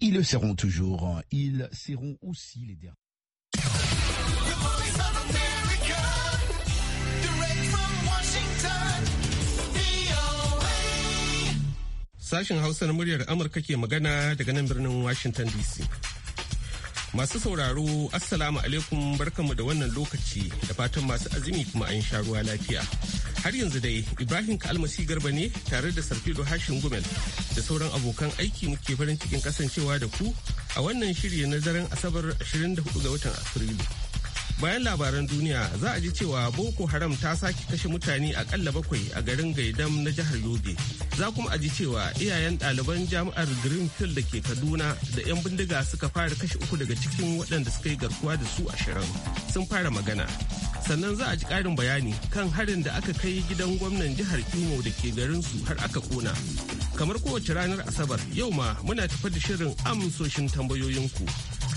Ils le seront toujours. Ils seront aussi les derniers. Sashen Hausa na muryar Amurka ke magana daga nan birnin Washington DC. Masu sauraro, Assalamu alaikum barkanmu da wannan lokaci da fatan masu azumi kuma an sha ruwa lafiya. Har yanzu dai Ibrahim Kalmasi Garba ne tare da Sarfido Hashin Gumel da sauran abokan aiki muke farin cikin kasancewa da ku a wannan shirye na daren Asabar 24 ga watan Afrilu. bayan labaran duniya za a ji cewa boko haram ta sake kashe mutane akalla bakwai a garin gaidam na jihar yobe za kuma a ji cewa iyayen ɗaliban jami'ar greenfield da ke kaduna da 'yan bindiga suka fara kashe uku daga cikin waɗanda suka yi garkuwa da su ashirin sun fara magana sannan za a ji ƙarin bayani kan harin da aka kai gidan gwamnan jihar imo da ke garin su har aka kona kamar kowace ranar asabar yau ma muna tafa da shirin amsoshin tambayoyinku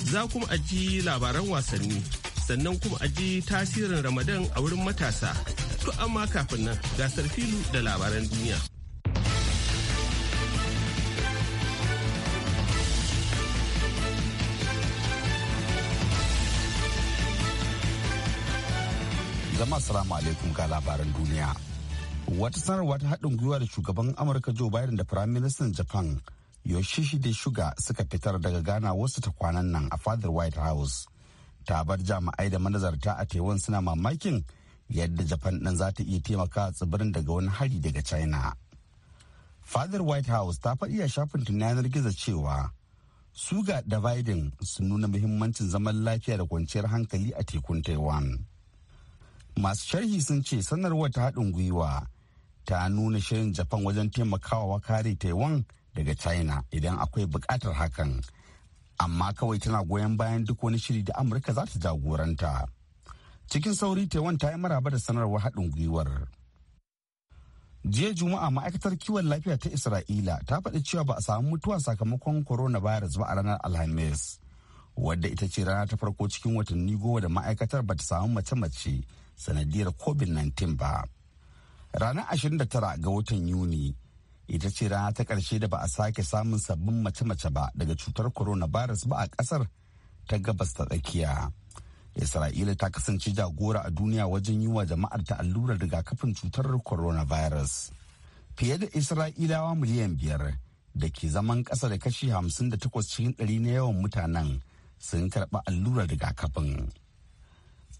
za kuma a ji labaran wasanni sannan kuma a ji tasirin Ramadan a wurin matasa. To amma kafin nan gasar filu da labaran duniya. Zama salamu alaikum ga labaran duniya. Wata sanarwa ta haɗin gwiwa da shugaban Amurka Joe Biden da Prime Minister Japan Yoshihide Shuga suka fitar daga gana wasu ta kwanan nan a fadar White House ta bar jami'ai da manazarta a taiwan suna mamakin yadda japan ɗin za ta iya taimaka tsibirin daga wani hari daga china fadar white house ta faɗi a shafin yanar gizo cewa suga da biden sun nuna muhimmancin zaman lafiya da kwanciyar hankali a tekun taiwan masu sharhi sun ce sanarwar ta haɗin gwiwa ta nuna shirin japan wajen taimakawa kare taiwan daga china idan akwai buƙatar hakan amma kawai tana goyon bayan duk wani shiri da amurka za ta jagoranta cikin sauri taiwan ta yi maraba da sanarwar haɗin gwiwar jiya juma'a ma'aikatar kiwon lafiya ta isra'ila ta faɗi cewa ba a samu mutuwa sakamakon coronavirus ba a ranar alhamis wadda ita ce rana ta farko cikin watanni goma da ma'aikatar ba ta samu mace-mace sanadiyar covid-19 ba ranar 29 ga watan yuni ita ce rana ta ƙarshe da ba a sake samun sabbin mace-mace ba daga cutar coronavirus ba a ƙasar ta gabas ta tsakiya. Isra'ila ta kasance jagora a duniya wajen yi wa jama'ar ta allurar rigakafin cutar virus. Fiye da Isra'ilawa miliyan biyar da ke zaman ƙasa da kashi hamsin da takwas cikin ɗari na yawan mutanen sun karɓi allurar rigakafin.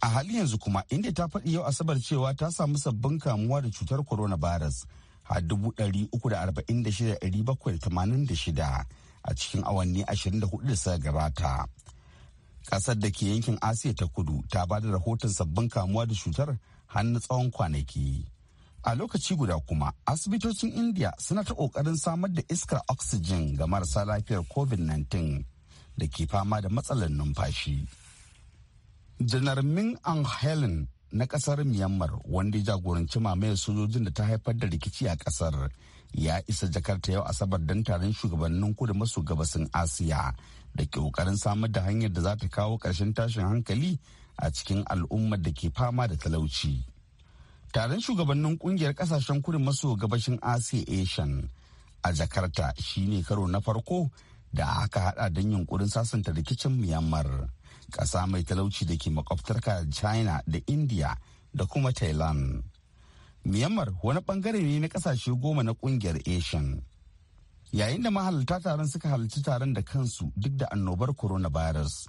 A halin yanzu kuma, inda ta faɗi yau Asabar cewa ta samu sabbin kamuwa da cutar corona virus. a 346,786 a cikin awanni 24 da suka gabata. Kasar da ke yankin Asiya ta kudu ta ba da rahoton sabbin kamuwa da cutar hannu tsawon kwanaki. A lokaci guda kuma, asibitocin India suna ta ƙoƙarin samar da iskar oxygen ga marasa lafiyar COVID-19 da ke fama da matsalar numfashi. Janar Ming Ang Helen na kasar myanmar wanda ya jagoranci mamayar sojojin da ta haifar da rikici a kasar ya isa jakarta yau asabar don taron shugabannin kudu maso gabasin asiya da ke kokarin samar da hanyar da za ta kawo ƙarshen tashin hankali a cikin al'ummar da ke fama da talauci taron shugabannin kungiyar kasashen kudu maso gabashin asiya asian a jakarta shine karo na farko da aka hada don yunkurin sasanta rikicin myanmar ƙasa mai talauci da ke makwabtarka china da india da kuma thailand myanmar wani bangare ne na kasashe goma na kungiyar asian yayin da mahalarta taron suka halarci taron da kansu duk da annobar coronavirus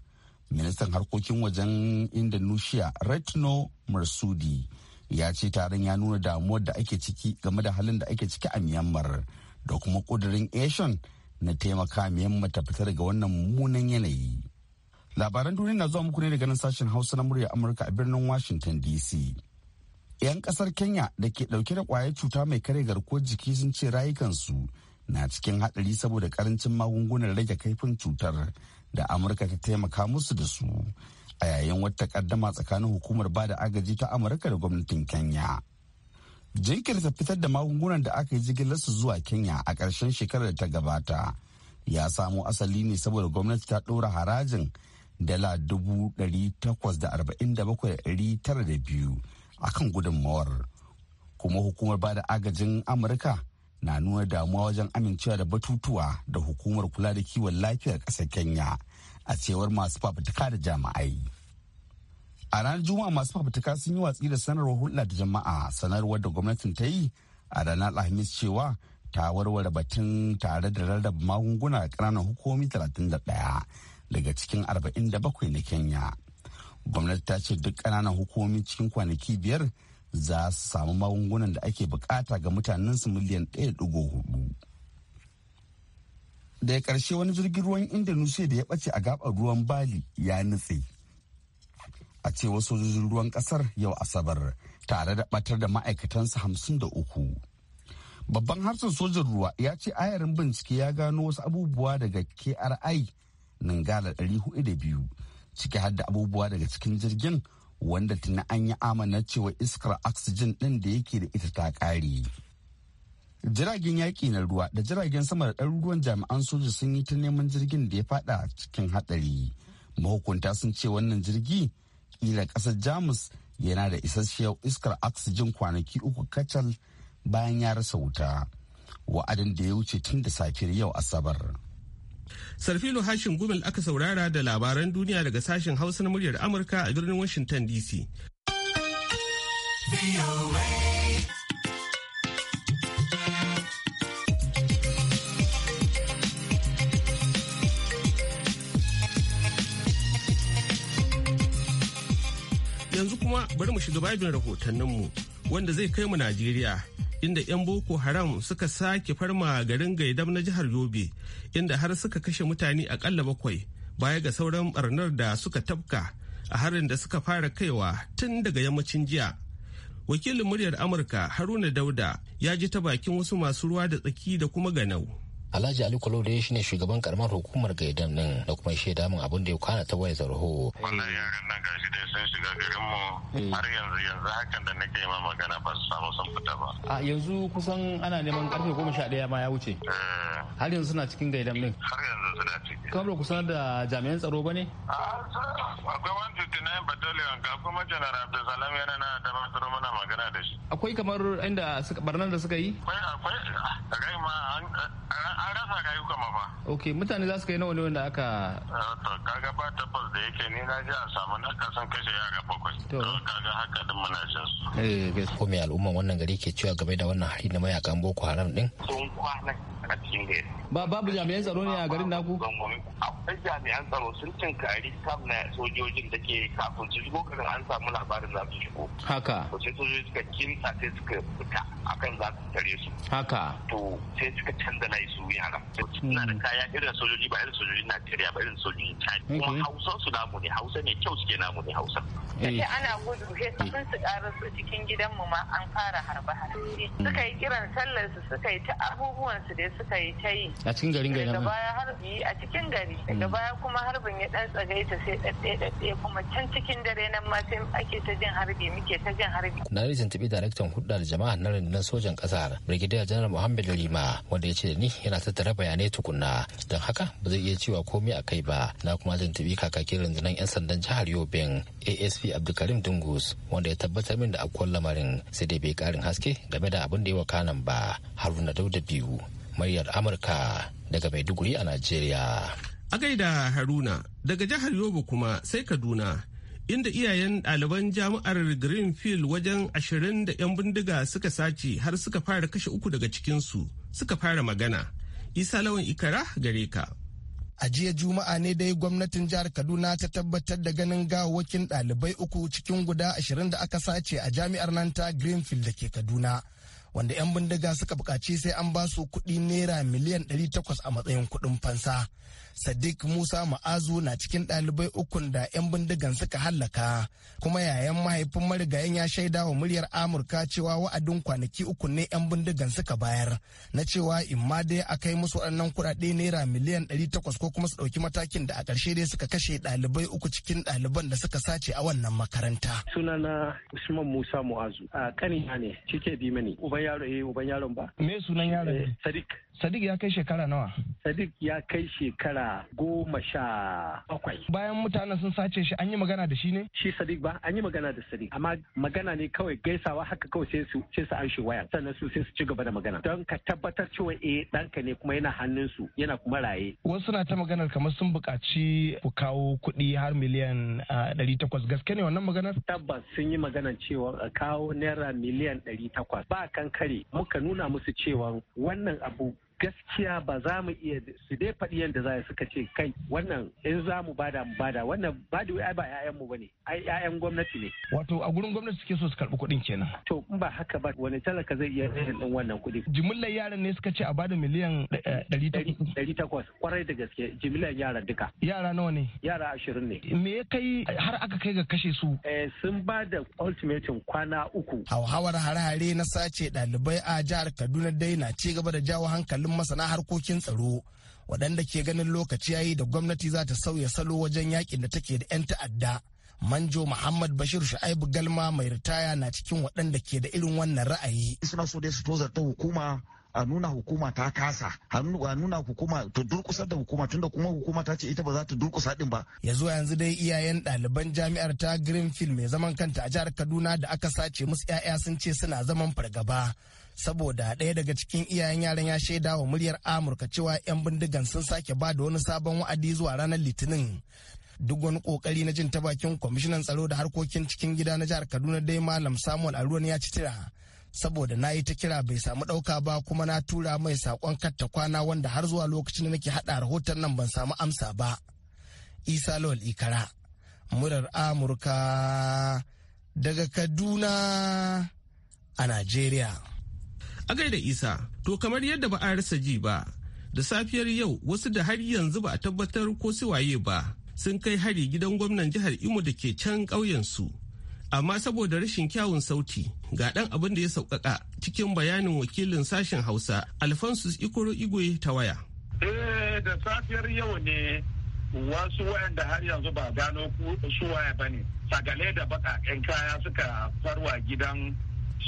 ministan harkokin wajen indonesia retno marsudi ya ce taron ya nuna damuwar da ake ciki game da halin da ake ciki a myanmar da kuma kudurin asian na taimaka yamma ta fita daga wannan mummunan yanayi. Labaran duniya na zuwa muku ne daga nan sashen Hausa na murya Amurka a birnin Washington DC. 'Yan kasar Kenya da ke dauke da kwayar cuta mai kare garkuwar jiki sun ce rayukansu na cikin haɗari saboda karancin magungunan rage kaifin cutar da Amurka ta taimaka musu da su a yayin wata kaddama tsakanin hukumar bada agaji ta Amurka da gwamnatin Kenya. jinkirta fitar da magungunan da aka yi su zuwa kenya a ƙarshen shekarar da ta gabata ya samo asali ne saboda gwamnati ta ɗora harajin dala biyu a kan gudunmawar kuma hukumar ba da agajin amurka na nuna damuwa wajen amincewa da batutuwa da hukumar kula da kiwon lafiyar ƙasar kenya a cewar masu fafutuka da jama'ai. a ranar juma'a masu fafutuka sun yi watsi da sanarwar hulɗa da jama'a sanarwar da gwamnatin ta yi a ranar alhamis cewa ta warware batun tare da rarraba magunguna a ƙananan hukumomi 31 daga cikin 47 na kenya gwamnati ta ce duk ƙananan hukumomi cikin kwanaki biyar za su samu magungunan da ake bukata ga mutanensu miliyan 1.4 daga ƙarshe wani jirgin ruwan indonesia da ya ɓace a gaɓar ruwan bali ya nutse a cewar sojojin ruwan kasar yau asabar tare da batar da ma'aikatansa hamsin da uku babban harsun sojin ruwa ya ce ayarin bincike ya gano wasu abubuwa daga kri ningala 402 ciki har da abubuwa daga cikin jirgin wanda tuni an yi amana cewa iskar oxygen din da yake da ita ta kare jiragen yaƙi na ruwa da jiragen sama da ɗaruruwan jami'an soja sun yi ta neman jirgin da ya fada cikin hatsari mahukunta sun ce wannan jirgi kila kasar jamus yana da isasshiyar iskar oxygen kwanaki uku kacal bayan ya rasa wuta wa'adin da ya wuce tun da safiyar yau asabar sarfino hashin gumel aka saurara da labaran duniya daga sashen hausa na muryar amurka a birnin washington dc yanzu kuma bari mu shiga babin rahotanninmu wanda zai kai mu Najeriya inda 'yan Boko Haram suka sake farma garin Gaidam na jihar Yobe inda har suka kashe mutane akalla bakwai baya ga sauran barnar da suka tafka a harin da suka fara kaiwa tun daga yammacin jiya. Wakilin muryar Amurka Haruna Dauda ya ji ta bakin wasu masu ruwa da tsaki da kuma ganau. Alhaji Ali Kwalo da ya shine shugaban karamar hukumar Gaidan nan da kuma shaida damun abin da ya kwana ta wayar zarho. Wannan yaran nan gashi dai sun shiga garin mu hmm. har yanzu yanzu hakan da nake ma magana ba su samu sun fita ba. A yanzu kusan ana neman karfe goma sha ɗaya ma ya wuce. Eh. Har yanzu suna cikin Gaidan nan. Har yanzu suna cikin. Kamar kusan da jami'an tsaro ba ne? Akwai 159 battalion ga kuma Janar Abdulsalam yana na da masu mana magana da shi. Akwai kamar inda barnan da suka yi? Akwai akwai. Rai ma an rasa rayuka ma fa ok mutane za su kai nawa ne wanda aka eh, to kaga ba tabbas da yake ni na ji a samu na san kashe yara bakwai to kaga haka din muna jin su eh ko me al'umman wannan gari ke cewa game da wannan hari na mayakan boko haram din sun kwana a cikin gari ba babu jami'an tsaro ne a garin naku akwai jami'an tsaro sun tinkari kam na sojojin da ke kafin su shigo kan an samu labarin za su shigo haka to sai sojoji suka kinta sai suka fita akan za su tare su haka to sai suka canza layi su mai haka hmm. suna da kaya irin sojoji ba irin sojojin Najeriya ba irin sojojin Chad kuma Hausa su namu ne Hausa ne kyau suke namu ne Hausa sai eh. ana gudu sai hmm. sun su su cikin gidanmu ma an fara harba harbe hmm. suka yi kiran sallar su suka yi ta abubuwan su da suka yi ta yi a cikin garin gari daga baya harbi a cikin gari daga baya kuma harbin ya dan tsagaita sai dadde dadde kuma can cikin dare nan ma sai ake ta jin harbi muke ta jin harbi na rijin tabi daraktan hudar jama'a na rundunar sojan kasar brigadier general Muhammad Lima wanda ya ce da ni yana tattara bayanai tukunna don haka ba zai iya cewa komai a kai ba na kuma zan tabi kakakin rundunar 'yan sandan jihar yobin asp abdulkarim dungus wanda ya tabbatar min da akwai lamarin sai dai bai karin haske game da abin da wa wakanan ba haruna dauda biyu maryar amurka daga maiduguri a nigeria. a gaida haruna daga jihar yobe kuma sai kaduna inda iyayen ɗaliban jami'ar greenfield wajen ashirin da 'yan bindiga suka sace har suka fara kashe uku daga cikinsu suka fara magana Isa Lawan Ikara gare ka. A jiya Juma'a ne dai gwamnatin jihar Kaduna ta tabbatar da ganin gawakin ɗalibai uku cikin guda ashirin da aka sace a jami'ar nan ta Greenfield da ke Kaduna. Wanda 'yan bindiga suka buƙaci sai an ba su kuɗi naira miliyan 800 a matsayin kuɗin fansa. sadiq musa ma'azu na cikin ɗalibai ukun da 'yan bindigan suka hallaka kuma yayan mahaifin marigayen ya shaida wa muryar amurka cewa wa'adin kwanaki uku ne 'yan bindigan suka bayar na cewa imma dai a kai musu waɗannan kuɗaɗe naira miliyan 800 ko kuma su ɗauki matakin da a ƙarshe dai suka kashe ɗalibai uku cikin ɗaliban da suka sace a wannan makaranta. sunana usman musa Ma'azu. a ƙanina ne cike bi mani uban yaro eh, yaron ba. me sunan yaron? Eh, sadiq Sadiq ya kai shekara nawa? Sadiq ya kai shekara goma sha bakwai. Bayan mutanen sun sace shi an yi magana da shi ne? Shi Sadiq ba an yi magana da Sadiq amma magana ne kawai gaisawa haka kawai sai su sai su anshi waya sannan su sai su ci gaba da magana. Don ka tabbatar cewa eh ɗanka ne kuma yana hannun su yana kuma raye. Wasu na ta maganar kamar sun buƙaci ku kawo kuɗi har miliyan ɗari takwas gaske ne wannan maganar? Tabbas sun yi maganar cewa a kawo naira miliyan ɗari takwas ba kankare muka nuna musu cewa wannan abu gaskiya ba za mu iya su dai faɗi yadda za suka ce kai wannan in za mu bada mu bada wannan ba da wai ba ƴaƴan mu bane ai ƴaƴan gwamnati ne wato a gurin gwamnati suke so su karɓi kuɗin kenan to in ba haka ba wani talaka zai iya rashin din wannan kuɗi jimillar yaran ne suka ce a bada miliyan eh, ɗari takwas kwarai da gaske jimillar yaran duka yara nawa ne yara ashirin ne me ya kai har aka kai ga kashe su eh, sun ba da ultimatum kwana uku hauhawar hare-hare na sace ɗalibai a jihar kaduna dai na ci gaba da jawo hankalin waɗansu masana harkokin tsaro waɗanda ke ganin lokaci yayi da gwamnati za ta sauya salo wajen yakin da take da 'yan ta'adda manjo muhammad bashir shu'aibu galma mai ritaya na cikin waɗanda ke da irin wannan ra'ayi suna so dai su hukuma a nuna hukuma ta kasa a nuna hukuma ta durkusa da hukuma tunda kuma hukuma ta ce ita ba za ta durkusa din ba ya zuwa yanzu dai iyayen ɗaliban jami'ar ta greenfield mai zaman kanta a jihar kaduna da aka sace musu 'ya'ya sun ce suna zaman fargaba saboda ɗaya daga cikin iyayen yaran ya shaida wa muryar amurka cewa 'yan bindigan sun sake ba da wani sabon wa'adi zuwa ranar litinin duk wani kokari na jin ta bakin kwamishinan tsaro da harkokin cikin gida na jihar kaduna dai malam samuel aruwan ya ci tira saboda na yi ta kira bai samu ɗauka ba kuma na tura mai sakon katta kwana wanda har zuwa lokacin da nake haɗa rahoton nan ban samu amsa ba isa lawal ikara murar amurka daga kaduna a najeriya A gaida Isa, to kamar yadda ba a rasa ji ba, da safiyar yau wasu da har yanzu ba a tabbatar ko waye ba sun kai hari gidan gwamnan jihar Imo da ke can ƙauyensu. Amma saboda rashin kyawun sauti ga ɗan abin da ya sauƙaƙa cikin bayanin wakilin sashen Hausa Alphonsus Ikoro Igwe ta waya. Eh, da safiyar yau ne wasu wayanda har yanzu ba gano su waya ba ne sagale da baƙaƙen kaya suka farwa gidan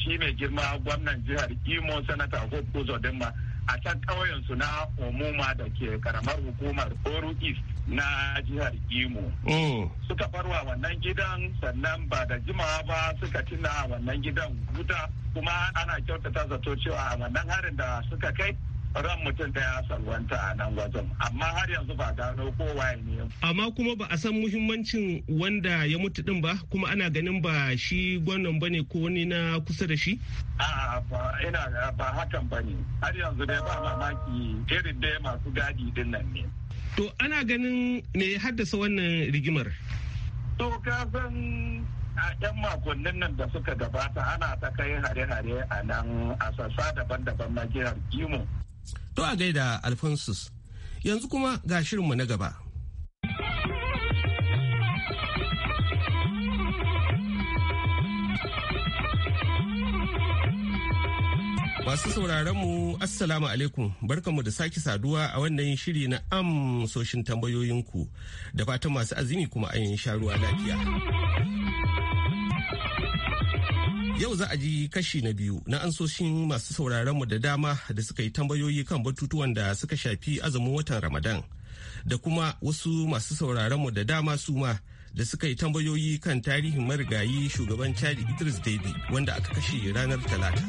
shi mai girma gwamnan jihar imo sanata hope uzodinma a can ƙauyensu na umuma da ke karamar hukumar oru east na jihar imo mm. suka farwa wannan gidan sannan ba da jimawa ba suka tuna wannan gidan wuta kuma ana kyautata zato cewa a wannan harin da suka kai ran mutum ta ya salwanta a nan wajen amma har yanzu ba gano kowa ne amma kuma ba a san muhimmancin wanda ya mutu din ba kuma ana ganin ba shi gwannan bane ko wani na kusa da shi a ba ina ba hakan bane har yanzu dai ba mamaki irin dai masu gadi din nan ne to ana ganin me ya haddasa wannan rigimar to ka san a 'yan makonnin nan da suka gabata ana ta kai hare-hare a nan a sassa daban-daban na jihar kimo To a gaida Alphonsus, yanzu kuma ga shirinmu na gaba. Masu sauraron mu Assalamu alaikum barkanmu da sake saduwa a wannan shiri na amsoshin tambayoyinku da fatan masu azumi kuma an sha ruwa lafiya. Yau za a ji kashi na biyu na ansoshin masu sauraron da dama da suka yi tambayoyi kan batutuwan da suka shafi azumin watan Ramadan da kuma wasu masu sauraron da dama su ma da suka yi tambayoyi kan tarihin marigayi shugaban Chad Idris Deby wanda aka kashe ranar Talata.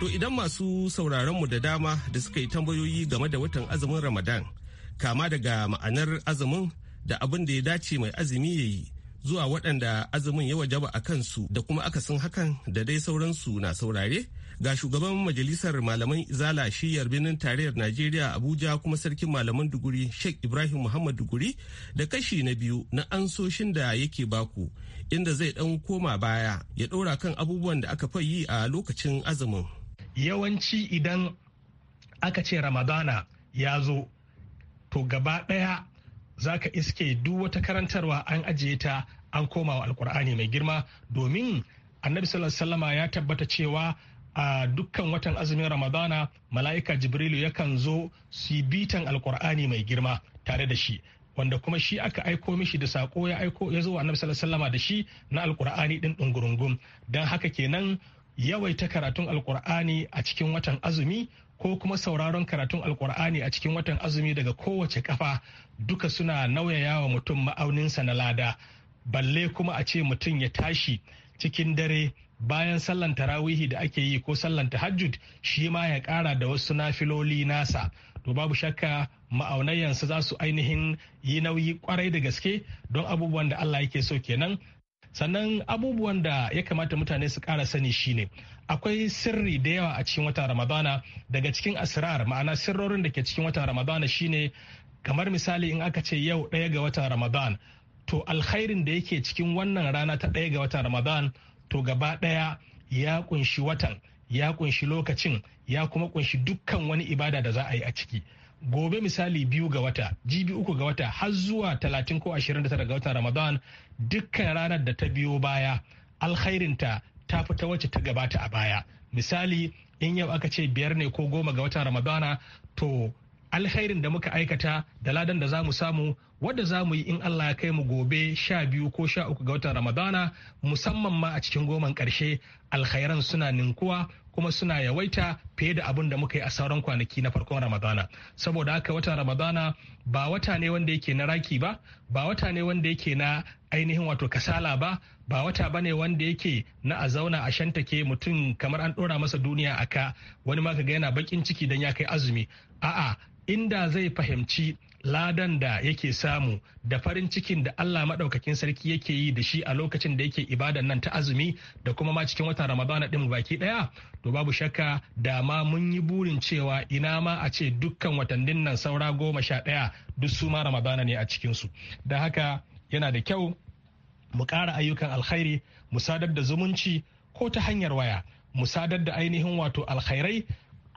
To idan masu sauraron mu da dama da suka yi tambayoyi game da watan azumin Ramadan kama daga ma'anar azumin da abin da ya dace mai azumi ya yi zuwa waɗanda azumin ya wajaba a kansu da kuma akasin hakan da dai sauransu na saurare ga shugaban majalisar malaman izala shiyar birnin tarayyar najeriya abuja kuma sarkin malaman duguri sheikh ibrahim muhammad duguri da kashi na biyu na ansoshin da yake baku inda zai dan koma baya ya ɗora kan abubuwan da aka yi a lokacin azumin yawanci idan aka ce ramadana ya zo to gaba ɗaya zaka iske duk wata karantarwa an ajiye ta an koma wa alkur'ani mai girma domin annabi sallallahu alaihi wasallama ya tabbata cewa a dukkan watan azumin ramadana mala'ika jibrilu yakan zo su bitan alkur'ani mai girma tare da shi wanda kuma shi aka aiko mishi da sako ya aiko ya zo wa annabi sallallahu alaihi da shi na alkur'ani din dungurungun dan haka kenan yawaita karatun alkur'ani a cikin watan azumi ko kuma sauraron karatun alkur'ani a cikin watan azumi daga kowace kafa duka suna nauyaya wa mutum ma'auninsa na lada balle kuma a ce mutum ya tashi cikin dare bayan sallan tarawihi da ake yi ko sallan tahajjud shi ma ya kara da wasu nafiloli nasa to babu shakka ma'aunayansa za su ainihin yi nauyi kwarai da gaske don abubuwan da Allah yake so kenan sannan abubuwan da ya kamata mutane su kara sani shine akwai sirri da yawa a cikin watan ramadana daga cikin asirar ma'ana sirrorin da ke cikin watan ramadana shine kamar misali in aka ce yau ɗaya ga watan Ramadana. to alkhairin da yake cikin wannan rana ta ɗaya ga watan ramadan to gaba ɗaya ya kunshi watan ya kunshi lokacin ya kuma kunshi dukkan wani ibada da za a yi a ciki gobe misali biyu ga wata jibi uku ga wata har zuwa talatin ko ashirin da tara ga watan ramadan dukkan ranar da ta biyo baya alkhairinta ta fi ta wacce ta gabata a baya misali in yau aka ce biyar ne ko goma ga watan ramadana to alkhairin da muka aikata da ladan da za mu samu wadda za mu yi in Allah ya kai mu gobe sha biyu ko sha uku ga watan Ramadana musamman ma a cikin goman karshe. alkhairan suna ninkuwa kuma suna yawaita fiye da abin da muka yi a sauran kwanaki na farkon Ramadana saboda haka watan Ramadana ba wata ne wanda yake na raki ba ba wata ne wanda yake na ainihin wato kasala ba ba wata bane wanda yake na a zauna a shantake mutum kamar an ɗora masa duniya a ka wani ma ga yana bakin ciki dan ya kai azumi a'a inda zai fahimci ladan da yake samu da farin cikin da Allah maɗaukakin sarki yake yi da shi a lokacin da yake ibadan nan ta azumi da kuma ma cikin watan Ramadana ɗin baki ɗaya to babu shakka da ma mun yi burin cewa ina ma a ce dukkan watannin nan saura goma sha ɗaya duk su ma Ramadana ne a cikinsu da haka yana da kyau mu ƙara ayyukan alkhairi mu sadar da zumunci ko ta hanyar waya mu sadar da ainihin wato alkhairai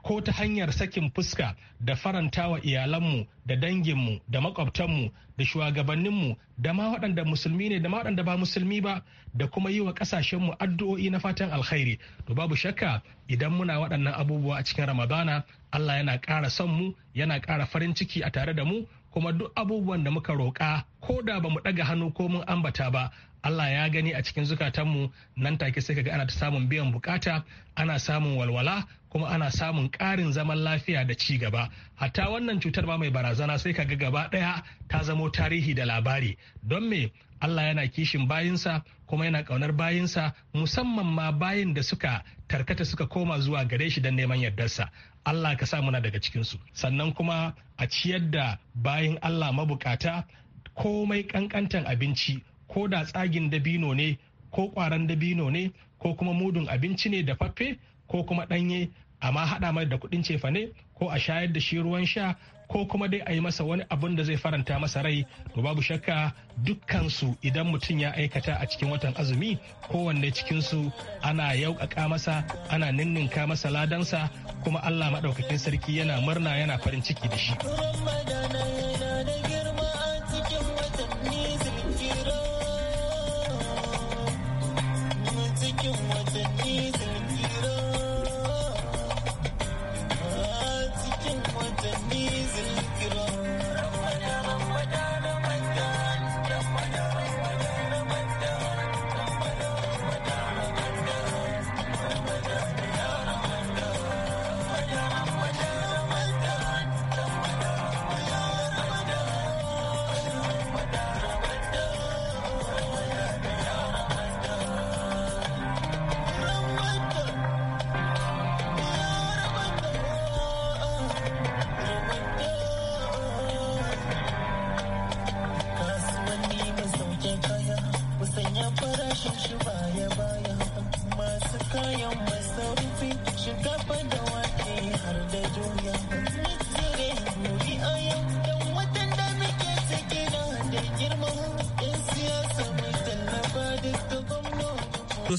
ko ta hanyar sakin fuska da farantawa iyalanmu da danginmu da makwabtanmu da shugabanninmu da ma waɗanda musulmi ne da ma waɗanda ba musulmi ba da kuma yi wa ƙasashenmu addu'o'i na fatan alkhairi to babu shakka idan muna waɗannan abubuwa a cikin ramadana allah yana ƙara son mu yana ƙara farin ciki a tare da mu kuma duk abubuwan da muka roƙa ko da ba mu ɗaga hannu ko mun ambata ba Allah ya gani a cikin zukatanmu nan take sai ka ga ana ta samun biyan bukata ana samun walwala kuma ana samun ƙarin zaman lafiya da ci gaba hatta wannan cutar ma mai barazana sai ka ga gaba ɗaya ta zamo tarihi da labari don me Allah yana kishin bayinsa kuma yana ƙaunar bayinsa musamman ma bayin da suka tarkata suka koma zuwa gare shi don neman yardarsa Allah ka sa muna daga cikinsu sannan kuma a ciyar da bayin Allah mabukata komai ƙanƙantan abinci ko da tsagin dabino ne ko kwaran dabino ne ko kuma mudun abinci ne da faffe ko kuma ɗanye amma haɗa mai da kuɗin cefane ko a shayar da shi ruwan sha ko kuma dai a yi masa wani abin da zai faranta masa rai to babu shakka dukkansu idan mutum ya aikata a cikin watan azumi kowanne cikinsu ana yauƙaƙa masa ana ninninka masa ladansa kuma allah maɗaukakin sarki yana murna yana farin ciki da shi.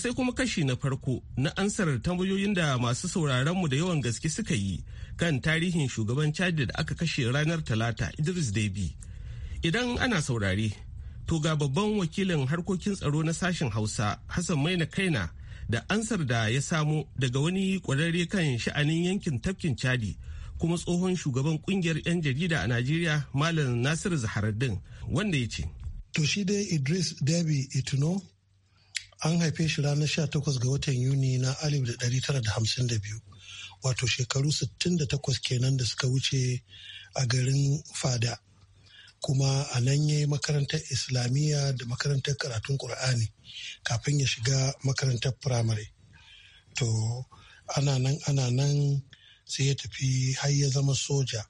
sai kuma kashi na farko na ansar tambayoyin da masu mu da yawan gaske suka yi kan tarihin shugaban chad da aka kashe ranar talata idris debi idan ana saurari to ga babban wakilin harkokin tsaro na sashen hausa hassan maina kaina da ansar da ya samo daga wani kwararre kan sha'anin yankin tafkin chadi kuma tsohon shugaban kungiyar 'yan jarida a najeriya malam nasiru zaharaddin wanda ya ce to shi dai idris debi ituno an haife shi ranar 18 ga watan yuni na 1952 wato shekaru 68 kenan da suka wuce a garin fada kuma a nan ya yi makarantar islamiyya da makarantar karatun ƙur'ani kafin ya shiga makarantar firamare to ana nan ana nan sai ya tafi har ya zama soja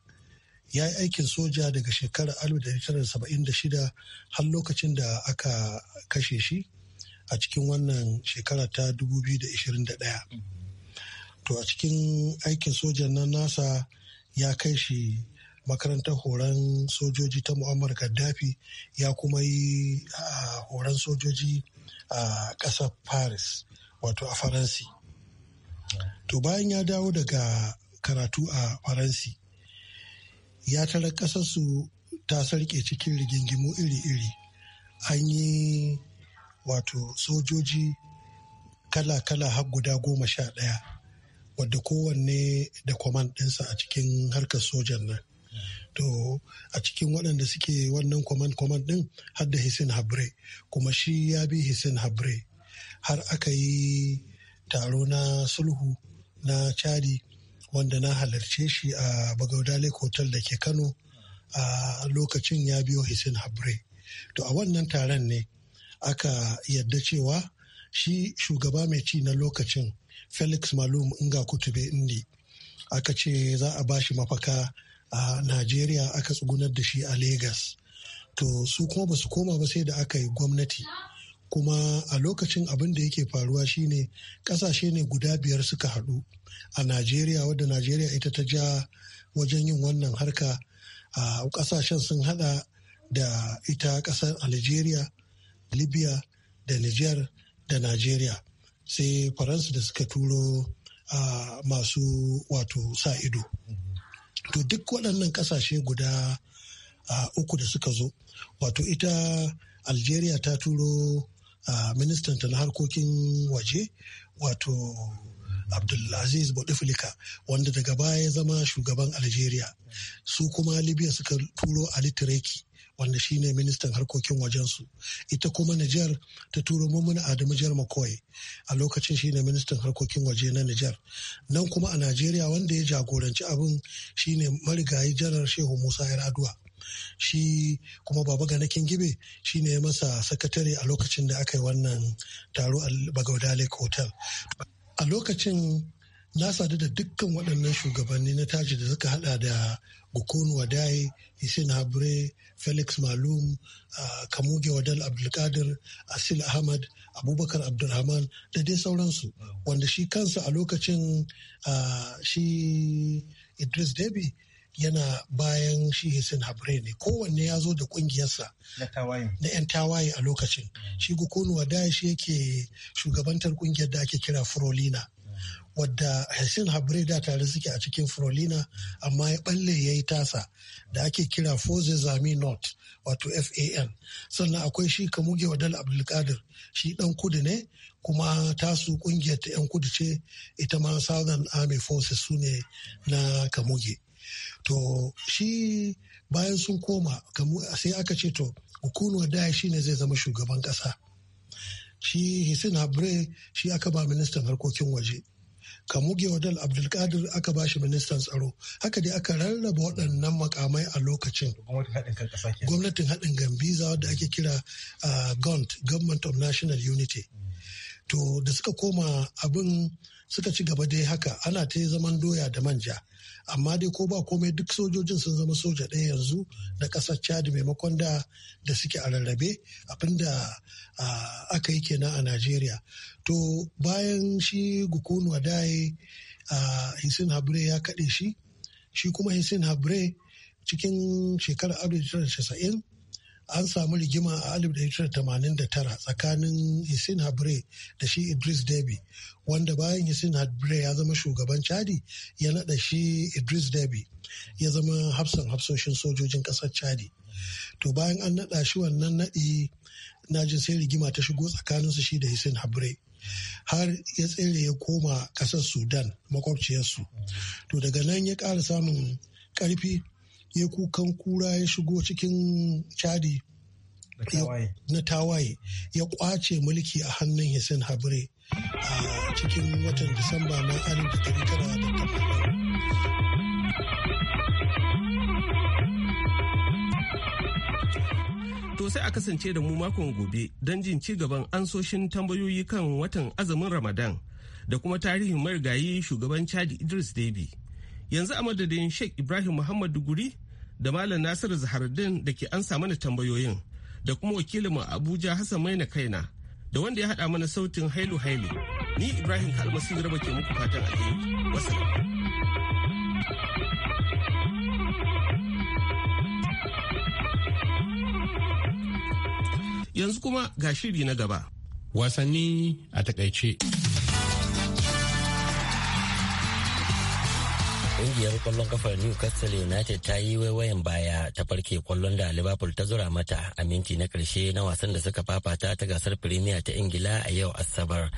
ya yi aikin soja daga shekarar 1976 har lokacin da aka kashe shi a cikin wannan shekara ta 2021 to a cikin aikin sojan nan nasa ya kai shi makarantar horon sojoji ta mu'ammar gaddafi ya kuma yi horon sojoji a ƙasar paris wato a faransi to bayan ya dawo daga karatu a faransi ya tara ƙasarsu ta sarƙe cikin rigingimu iri-iri an yi wato sojoji kala-kala har guda goma sha ɗaya wadda kowanne da kwaman ɗinsa a cikin harkar sojan nan to a cikin waɗanda suke wannan kwaman kwaman ɗin har da hisin habre kuma shi ya bi hisin habre har aka yi taro na sulhu na chadi wanda na halarce shi a bagauda lake hotel da ke kano a lokacin ya biyo hisin habre to a wannan taron ne aka yarda cewa shi shugaba mai ci na lokacin felix malum inga kutube indi aka ce za a ba shi mafaka a najeriya aka tsugunar da shi a Legas. to su kuma ba su koma ba sai da aka yi gwamnati kuma a lokacin abin da yake faruwa shine kasashe ne guda biyar suka haɗu a najeriya wadda najeriya ita ta ja wajen yin wannan harka a kasashen sun hada da ita kasar algeria libya da niger da nigeria sai faransa da suka turo a masu wato sa ido to duk waɗannan ƙasashe guda uku da suka zo wato ita algeria ta turo ministanta na harkokin waje wato Abdulaziz Bouteflika wanda daga baya ya zama shugaban Algeria su kuma Libya suka turo Ali Tireki wanda shi ne ministan harkokin wajensu ita kuma Nijar ta turo mummuna Adamu Jar Makoy a lokacin shi ne ministan harkokin waje na Nijar nan kuma a Najeriya wanda ya jagoranci abin shi ne marigayi janar Shehu Musa Yar'adua shi kuma baba nakin gibe shi ne masa sakatare a lokacin da aka yi wannan taro a bagauda lake hotel a lokacin na sadu da dukkan waɗannan shugabanni na taji da suka hada da Gukun Wadai, Hussein Habre, Felix Malum, Kamuge Wadal Abdulkadir, Asil Ahmad, Abubakar Abdulrahman da dai sauransu. Wanda shi kansa a lokacin shi Idris Debi yana bayan shi Hussein Habre ne kowanne ya zo da kungiyarsa na 'yan tawaye a lokacin. Shi Gukun Wadai shi yake shugabantar kungiyar da ake kira Frolina. wadda Hessin Habre da tare suke a cikin Frolina amma ya balle ya yi tasa da ake kira Foze Zami North wato FAN. Sannan akwai shi Kamuge Wadal Abdulkadir shi ɗan kudu ne kuma tasu kungiyar ta 'yan kudu ce ita ma Southern Army Forces su ne na Kamuge. To shi bayan sun koma sai aka ce to hukumar da shi ne zai zama shugaban kasa. shi Hisin Habre shi aka ba ministan harkokin waje kamuge odal abdulkadir aka bashi ministan tsaro haka dai aka rarraba waɗannan makamai a lokacin gwamnatin haɗin gambiza wadda ake kira uh, gont government of national unity mm. to da suka koma abin suka ci gaba dai haka ana ta yi zaman doya da manja amma dai ko ba komai duk sojojin sun zama soja ɗaya yanzu na ƙasar chad maimakon da da suke a rarrabe abinda aka yi kenan a najeriya to bayan shi gukunu daye hisin habre ya kaɗe shi shi kuma hisin habre cikin shekarar 1990 an samu rigima a 1989 tsakanin Hisin Habre da shi Idris Deby wanda bayan Hisin Habre ya zama shugaban Chadi ya nada shi Idris Deby ya zama hafsan hafsoshin sojojin ƙasar Chadi. To bayan an nada shi wannan nadi na jin sai rigima ta shigo tsakaninsu shi da Hisin Habre. har ya tsere ya koma kasar sudan makwabciyarsu to daga nan ya ƙara samun ƙarfi ya kukan kura ya shigo cikin chadi na tawaye ya kwace mulki a hannun Hussein Habre a cikin watan Disamba na da To sai a kasance da mu makon gobe don jin ci gaban ansoshin tambayoyi kan watan azumin Ramadan da kuma tarihin marigayi shugaban Chadi Idris debi Yanzu a madadin Sheikh Ibrahim muhammadu guri. da Malam Nasiru Zahardin da ke ansa mana tambayoyin da kuma wakilinmu Abuja Hassan mai na Kaina da wanda ya haɗa mana sautin Hailu Hailu. Ni Ibrahim sun Garba ke muku fatan alheri. Wasu. Yanzu kuma ga shiri na gaba. Wasanni a takaice. Ƙungiyar kwallon kafar Newcastle United ta yi waiwayin baya ta farke kwallon da Liverpool ta zura mata a minti na karshe na wasan da suka fafata ta gasar Premier ta Ingila a yau Asabar.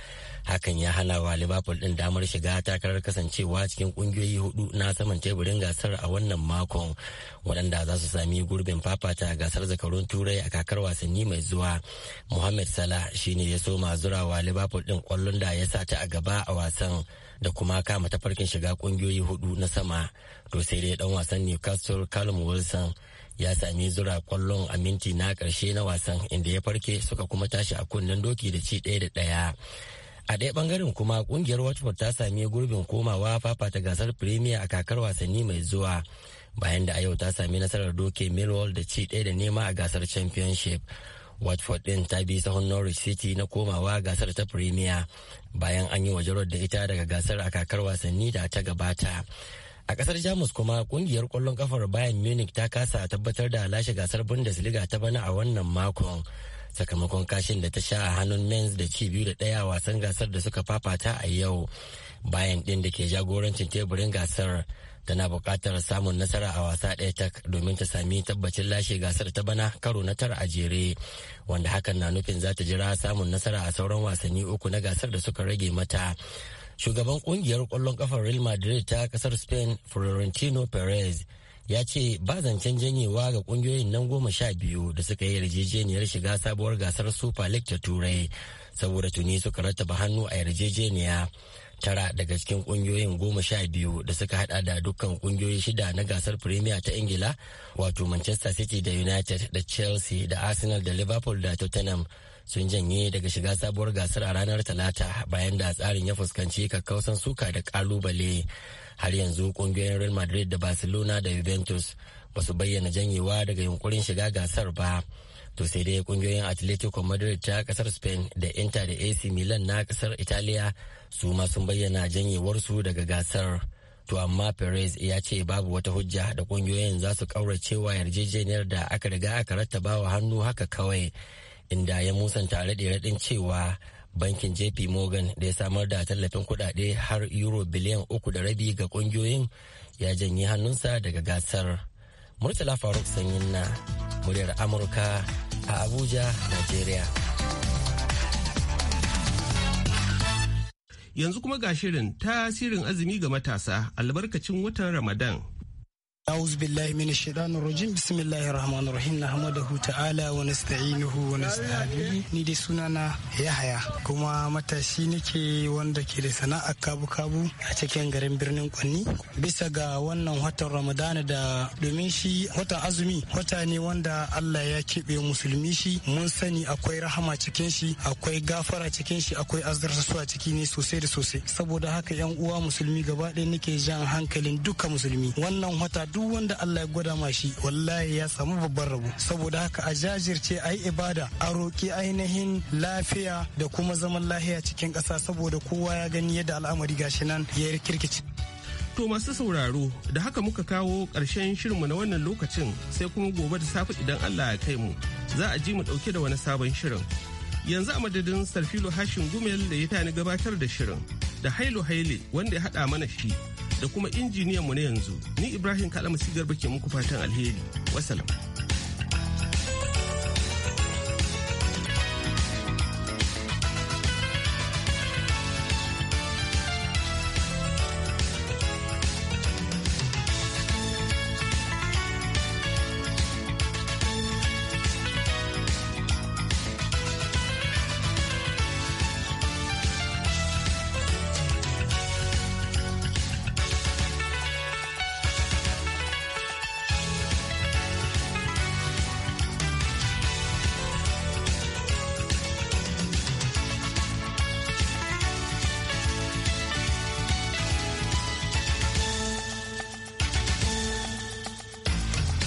Hakan ya hana wa Liverpool ɗin damar shiga takarar kasancewa cikin ƙungiyoyi hudu na saman teburin gasar a wannan makon waɗanda za su sami gurbin fafata gasar zakarun Turai a kakar wasanni mai zuwa. Mohamed Salah shine ya soma wa Liverpool ɗin kwallon da ya sa ta a gaba a wasan. da kuma kama tafarkin shiga kungiyoyi hudu na sama to sai dai dan wasan newcastle callum wilson ya sami zura kwallon a minti na karshe na wasan inda ya farke suka kuma tashi a kunnen doki da ci ɗaya da ɗaya a ɗaya bangaren kuma kungiyar watford ta sami gurbin komawa fafata gasar premier a kakar wasanni mai zuwa bayan da a yau ta sami nasarar doke millwall da ci ɗaya da nema a gasar championship watford ɗin ta bi sahun norwich city na komawa gasar ta premier bayan an yi wajarar da ita daga gasar a kakar wasanni da ta gabata a kasar jamus kuma kungiyar kwallon kafar bayan munich ta kasa tabbatar da lashe gasar bundesliga ta bana a wannan makon sakamakon kashin da ta sha a hannun mens da ci biyu da daya wasan gasar da suka fafata a yau bayan din da ke jagorancin teburin gasar tana buƙatar samun nasara a wasa ɗaya tak domin ta sami tabbacin lashe gasar ta bana karo na tara a jere wanda hakan na nufin za ta jira samun nasara a sauran wasanni uku na gasar da suka rage mata shugaban kungiyar ƙwallon kafar real madrid ta ƙasar spain florentino perez ya ce ba zancen janyewa ga kungiyoyin nan goma sha biyu da suka yi yarjejeniyar shiga sabuwar gasar super league ta turai saboda tuni suka rattaba hannu a yarjejeniya tara daga cikin kungiyoyin goma sha biyu da suka hada da dukkan kungiyoyi shida na gasar premier ta ingila wato manchester city da united da chelsea da arsenal da liverpool da tottenham sun janye daga shiga sabuwar gasar a ranar talata bayan da tsarin ya fuskanci kakkausan suka da kalubale har yanzu kungiyoyin real madrid da barcelona da juventus ba su bayyana janyewa daga yunkurin shiga gasar ba to sai dai kungiyoyin atletico madrid ta kasar spain da inter da ac milan na kasar italiya su ma sun bayyana janyewarsu daga gasar to amma perez ya ce babu wata hujja da kungiyoyin za su kauracewa yarjejeniyar da aka riga aka rattaba wa hannu haka kawai inda ya musanta raɗe-raɗin cewa bankin jp morgan da ya samar da tallafin kudade har euro biliyan uku da rabi ga kungiyoyin ya janye hannunsa daga gasar. Murtala Faruk Sanyin na muryar Amurka a Abuja, Najeriya. Yanzu kuma ga shirin tasirin azumi ga matasa albarkacin watan Ramadan. أعوذ بالله من الشيطان الرجيم بسم الله الرحمن الرحيم نحمده تعالى ونستعينه ونستهديه ni da sunana Yahaya kuma matashi nake wanda ke da sana'ar kabu-kabu a cikin garin birnin Kwanni bisa ga wannan watan Ramadana da domin shi watan azumi wata ne wanda Allah ya keɓe musulmi shi mun sani akwai rahama cikin shi akwai gafara cikin shi akwai a ciki ne sosai da sosai saboda haka yan uwa musulmi gaba ɗaya nake jan hankalin duka musulmi wannan wata duk wanda Allah ya gwada ma shi wallahi ya samu babban rabo saboda haka a jajirce a yi ibada a roƙi ainihin lafiya da kuma zaman lahiya cikin ƙasa saboda kowa ya gani yadda al'amari gashi nan ya kirkici. To masu sauraro da haka muka kawo ƙarshen shirinmu na wannan lokacin sai kuma gobe da safe idan Allah ya kai mu za a ji mu ɗauke da wani sabon shirin. Yanzu a madadin Sarfilo Hashin Gumel da ya tani gabatar da shirin da Hailu Haile wanda ya haɗa mana shi da kuma injiniyan mu na yanzu ni ibrahim kalamasi garba ke muku fatan alheri wasalam